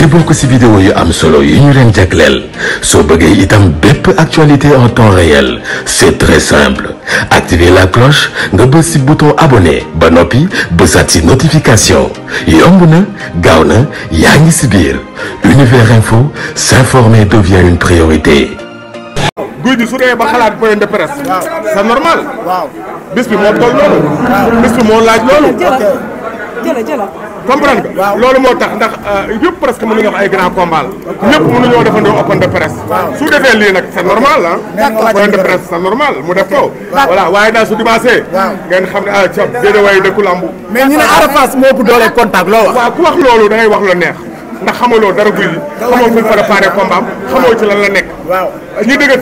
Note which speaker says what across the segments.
Speaker 1: ci bokk si vidéo yu am solo yu ñu leen jagleel soo bëggee itam bépp actualité en temps réel c'est très simple activer la cloche nga bës si bouton abonné ba noppi bësaat si notification yomb na gaaw na yaa ngi si univers info s'informer devient une priorité. comprendre nga loolu moo tax ndax euh, yëpp presque mënuñu wax ay grand combat la ñëpp mënuñoo defandoo open de presse su defee lii nag c'est normal ah open de presse c'est normal mu def ko voilà waaye daal su dimanche ngeen xam ne ah ca déedéet waaye dëkku lambu mais ñu ne Arafas moo ëpp doole contact loo wax ku wax loolu da ngay wax lu neex ndax xamaloo dara guy xamoo fu mu préparé combat xamoo ci lan la nekk ñi dëgër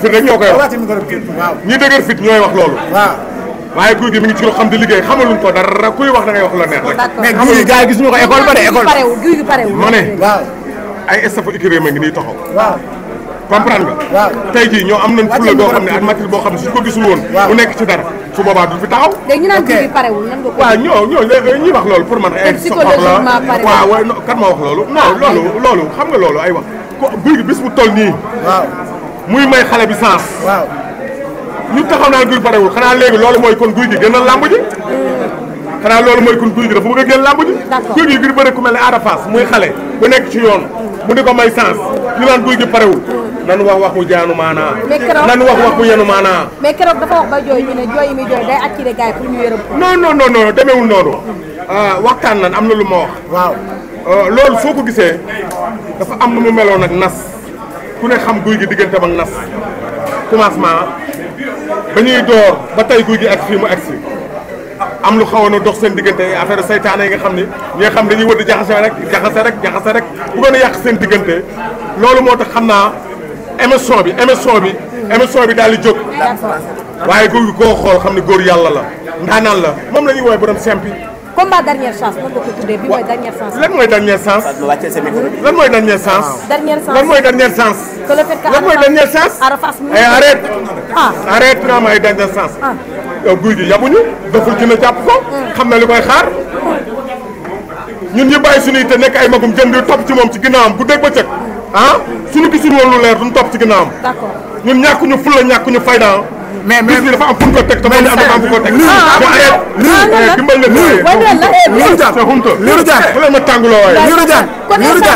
Speaker 1: fit ñooy wax loolu waaye guy gi mi ngi ci loo xam di liggéey xamaluñ ko dara kuy wax da ngay wax la ba de école jii ñoo am nañ fulla doo xam ne ak boo xam ne suñ ko gisul woon mu nekk ci dara su boobaa du fi wax loolu pour man ay soxor la waaw waaye kan ma wax loolu loolu xam nga loolu ay wax ko guy gi bis bu toll nii waaw muy may xale bi sens waaw ñu taxaw naa guy parewul xanaa léegi loolu mooy kon guy gi gën a làmb ji xanaa loolu mooy kon guy gi dafa bëgg a gën làmb ji guy gi gir bëri ku mel ne Ada Fass muy xale bu nekk ci yoon mu di ko may sens ñu naan guy gi parewul nan wax wax mu jaanu maanaa nan wax wax mu yenu maanaa mais keroog dafa demeewul noonu hmm. ah, waxtaan nan am na lu ma wax waaw euh, loolu soo ko gisee dafa am nu mu meloon ak nas ku ne xam guy gi digganteem ak nas commencement ba ñuy door ba tey guy gi ak fii mu ak am lu xaw a dox seen diggante affaire saytaane yi nga xam ni ñi xam dañuy wër di jaxase rek jaxase rek jaxase rek bu gën a yàq seen diggante loolu moo tax xam naa émission bi émission bi émission bi daal di jóg waaye guy gi koo xool xam ne góor yàlla la ndaanaan la moom la ñuy woowee borom simpi combat dernière chance mën nga ko mooy dernière chance. lan mooy dernière chance. lan mooy dernière chance. dernière mooy dernière chance. que le fait mooy dernière chance. Arafas mu ngi arrête. ah arrête naa ay dernière chance. yow ah. eh, guy gi yabuñu doful dina jàpp ko. Mm. xam na li koy xaar. ñun ñu bàyyi suñuy te nekk ay magum jëm topp ci moom ci am bu dégg ba cëg. ah suñu gisul woon lu leer duñ topp ci ginnaawam. d'accord ñun ñàkkuñu fulla ñàkkuñu fayda mais mais bis dafa am fu ñu ko teg te moom dafa am fu ko teg. lii dimbal leen. lii lii jaar waaye.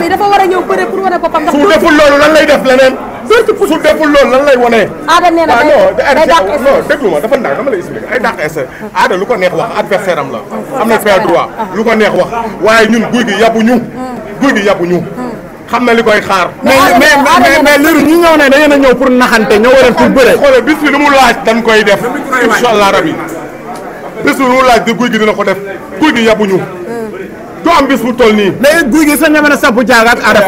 Speaker 1: lii dafa war a ñëw bëre pour wane boppam. ndax su deful loolu lan lay def leneen. su deful loolu lan lay wane. aada nee na dafa ndànk dama lay expliqué ay dàq essai. aada lu ko neex wax adversaire la. am na fait droit lu ko neex wax. waaye ñun guy gi yàbbu ñu. Hmm. guy gi yàbbu ñu. xam na li koy xaar. mais mais mais léegi ñu ñëw ne da ngeen a ñëw pour naxante ñëw leen pour bis bi lu mu laaj dañ koy def incha allah rabi bis bi lu mu laaj de guy gi dina ko def guy gi yabuñu. Hmm. du am bis bu toll nii. mais guy gi sax ñeme na samp jaaga ak Ada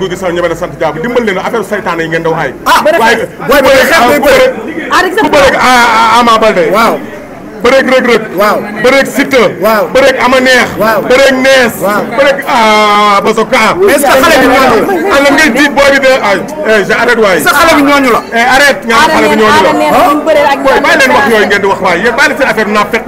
Speaker 1: guy gi sax ñeme na samp jaaga dimbal leen affaire saytaan yi ngeen daw ay. ah waaye booy booy xeex day ah, bëre. ah waaw. bëreeg Reug Reug. waaw bëreeg Siteu. waaw bëreeg Amaneex. waaw bëreeg Nees. waaw bëreeg Basoka. mais eh, sa xale bi ñooñu la. lan eh, ngay jiit booy bi de ay j'arrête waay. sa xale bi ñooñu la. arrête nga xale bi ñooñu la. booy bàyyi leen wax yooyu ngeen di wax waay yéen bàyyi seen affaire naa fekk.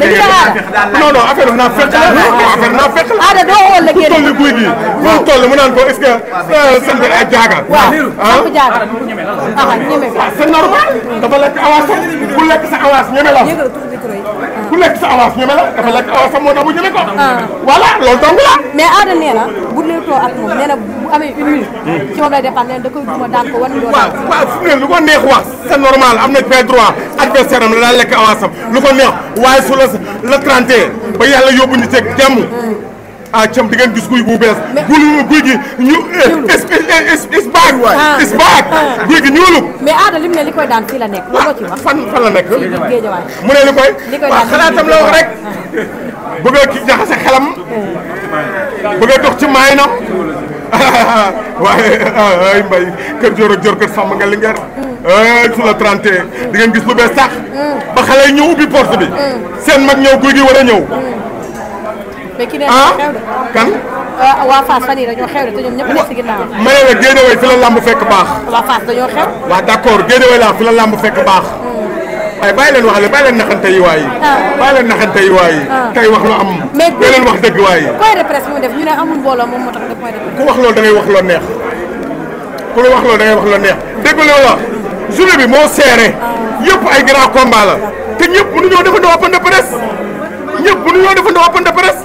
Speaker 1: non non affaire naa fekk la. affaire naa fekk la. aada doo xool la ngeen di. guy gi mu toll mu naan ko est-ce que euh, sant a jaaga. waaw ah. sant jaaga. ah, ah ñeme. c'est normal dafa lekk avance bu lekk sa avance ñeme la. ku lekk sa avance ñeme la dafa lekk avance moo tax bu ñeme ko. Ah. voilà loolu dong la. mais aada nee na bu leetoo ak moom nee na bu amee une hmm. ci moom lay dépendre nee na da koy duma daan ko wan. doo daan wax c'est normal am na fait droit adversaire la daan lekk avance am neex waaye su la la 31 ba yàlla yóbbu ñu teg jàmm. Hmm. ah cam di ngeen gis guy bu bees. guy guy gi ñu. is is is baag waay ah. is ah. ne li koy daan fii la nekk mu ne li koy. li koy daan xalaatam la wax rek. Ah. a ki jaxase xelam. bëgg a dox ci maay na. waaye ay mbay kër joor ak joor kër sàmm nga li ngeen. Mm. su la 31 di ngeen gis lu bees sax. Mm. ba xale yi ñëw ubbi porte bi. Mm. seen mag ñëw guy gi war a ñëw. Ah, euh, ma ne la Guédiawaye fi la lamb fekk baax. waa Fass dañoo xew. waaw d'accord Guédiawaye laa fi la lamb fekk baax. Hmm. waaye bàyyi leen wax la bàyyi leen naxante yi waay. Ah. bàyyi leen yi waay. Ah. wax lu am. mais tey leen wax dëgg waay. point de wax loolu da ngay wax loo neex ku wax loolu da ngay wax loo neex dégg nga bi moo serré. yëpp ay grand combat la. te ñëpp mënuñoo defandoo open de presse. ñëpp mënuñoo defandoo open de presse.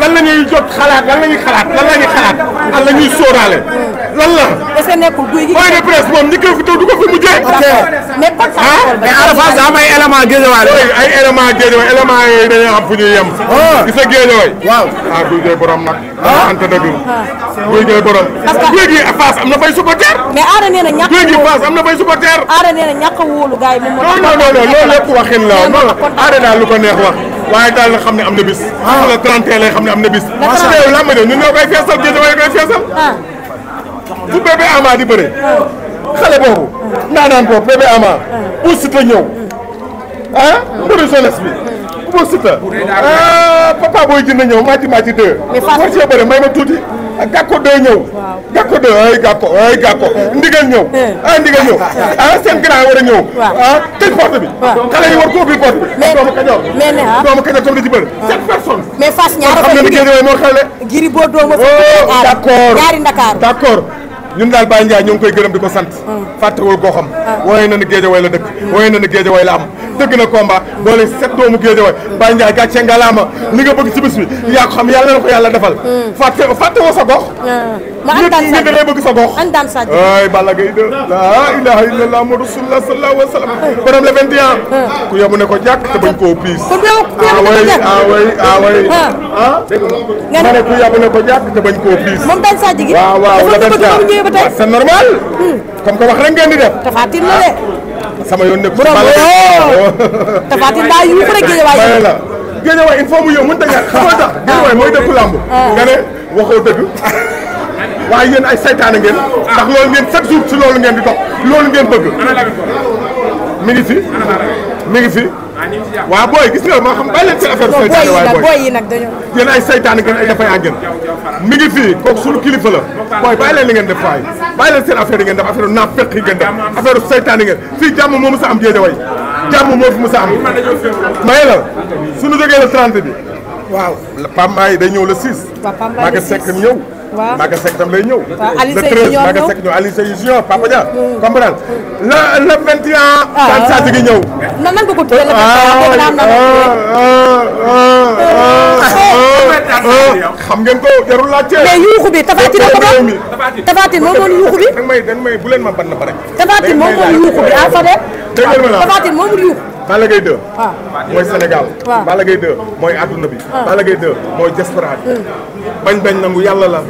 Speaker 1: lan la ñuy jot xalaat lan la ñuy xalaat lan la ñuy xalaat lan la ñuy que nekkul guy gi. point de presse moom ñi koy taw du ko fi mujjee. ok mais kon sax. Ah, ah mais Ada Fass am ay éléments géejewaay ay éléments géejewaay éléments yooyu dañuy am fu ñuy yem. Ah. gis nga géejewaay. waaw ah, guy gee borom nag. ah ante dëgg. guy gee borom. guy gi Fass am na fay supporter. mais Ada nee na ñàkk a wóolu a moom moo. non loolu lépp waxin la. non Ada daal lu ko neex wax. waaye daal la xam ne am na bis. waaw la 31 lay ne am na bis. macha allah yow de ñun ñoo koy feesal géej waaye koy feesal. Ah. fu bébé Ama di bëre. Ah. xale boobu. Ah. naanaan boobu bébé Ama. bu Siteu ñëw. ah mbiru jeunesse bi. bu Siteu. ah papa booy jënd ñëw màcc màcc deux. mais Fatou bëre may ma tuuti. ak gàkko doy ñëw. gàkko doy ay gàkko ay gàkko eh. a ñëw. Eh. ah ndigal ñëw ah seen a war a ñëw. ah tëj porte bi. xale yi war ko ubbi porte bi. mais doomu ah. na ni ah. Guédiawaye moo xale. Gris Bordeaux moo fi oh, ah, d'accord ñaari Ndakaaru d'accord. ñun daal Baye Ndiaye ñoo ngi koy gërëm di ko sant. fàttewul goxam. wooye na ne Guédiawaye la dëkk. Mm. wooye na ne Guédiawaye la am. tëgg na combat boole set doomu Géejawaay Baye Ndiaye gàcce ngalaama li nga bëgg ci bis bi yaa ko xam yàlla na ko yàlla defal hmm. fàtte fàtte woo sa gox hmm. ma antaan sa da ngay bëgg sa gox antaan sa ay Balla Gaye de la ilaha illallah Muhammadu rasulullah sallallahu alayhi wa sallam hmm. borom le 21 ku yebu ne ko jàkk te koo piis away away away ah ma ne ku yebu ne ko jàkk te koo piis moom daan sa jigi waaw waaw le 21 c'est normal comme di def tafatin la de ah. sama yoon nekk. bu romb yoo tafatin daa yuuf rek waaye la géejawaay il faut mu yow mënut a ñàkk xam nga tax ah. géejawaay mooy dëkku làmb. Ah. Ah. nga ne waxoo dëgg. waaye yéen ay saytaane ngeen. ndax loolu ngeen chaque jour ci ngeen di dox loolu ngeen bëgg. mi ngi fi. fi. waaw booy gis nga ma xam bàyyi leen seen affaire saytaane waaye booy ay saytaane ngeen ay dafay àggen. mi ngi la. waaye bàyyi leen li ngeen def waaye bàyyi leen seen affaire yi ngeen def affaire u naafeq yi ngeen def affaire u seytaan yi ngeen fii jàmm moo mës a am géejawaay jàmm moo fi mës a am maye la suñu jógee le 30 bi waaw Pam Mbaye day ñëw le 6 Maga Seck ñëw waaw Maga Seck tam lay ñëw. waaw Aliou Seye Junior Maga Seck ñëw Aliou Seye Junior Papa Dia. Mm. comprendre la le 21. ah Sane Sadio gi ñëw. nan nan nga ko tuddee le 21 ah, am na. Ah, Ah, xam ngeen ko jarul laajte. mais yuuxu bi Tafatine ko doon Tafatine moo doon yuuxu bi. da may da may bu leen ma ban ba rek. Tafatine moo doon yuuxu bi à ah, Fadel. dégg moo doon yuuxu. Balla Gaye 2. waaw ah. mooy Sénégal. waaw Balla Gaye 2 mooy adduna bi. Balla Gaye 2 mooy diaspora bi. Hmm. bañ bañ nangu yàlla la.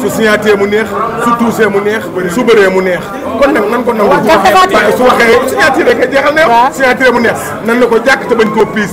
Speaker 1: su signaté mu neex su tuusee mu neex su bëree mu neex kon nag nan ko nangu su waxee su waxee signaté rek jeexal na yow mu neex nan na ko jàkk te bañ koo piis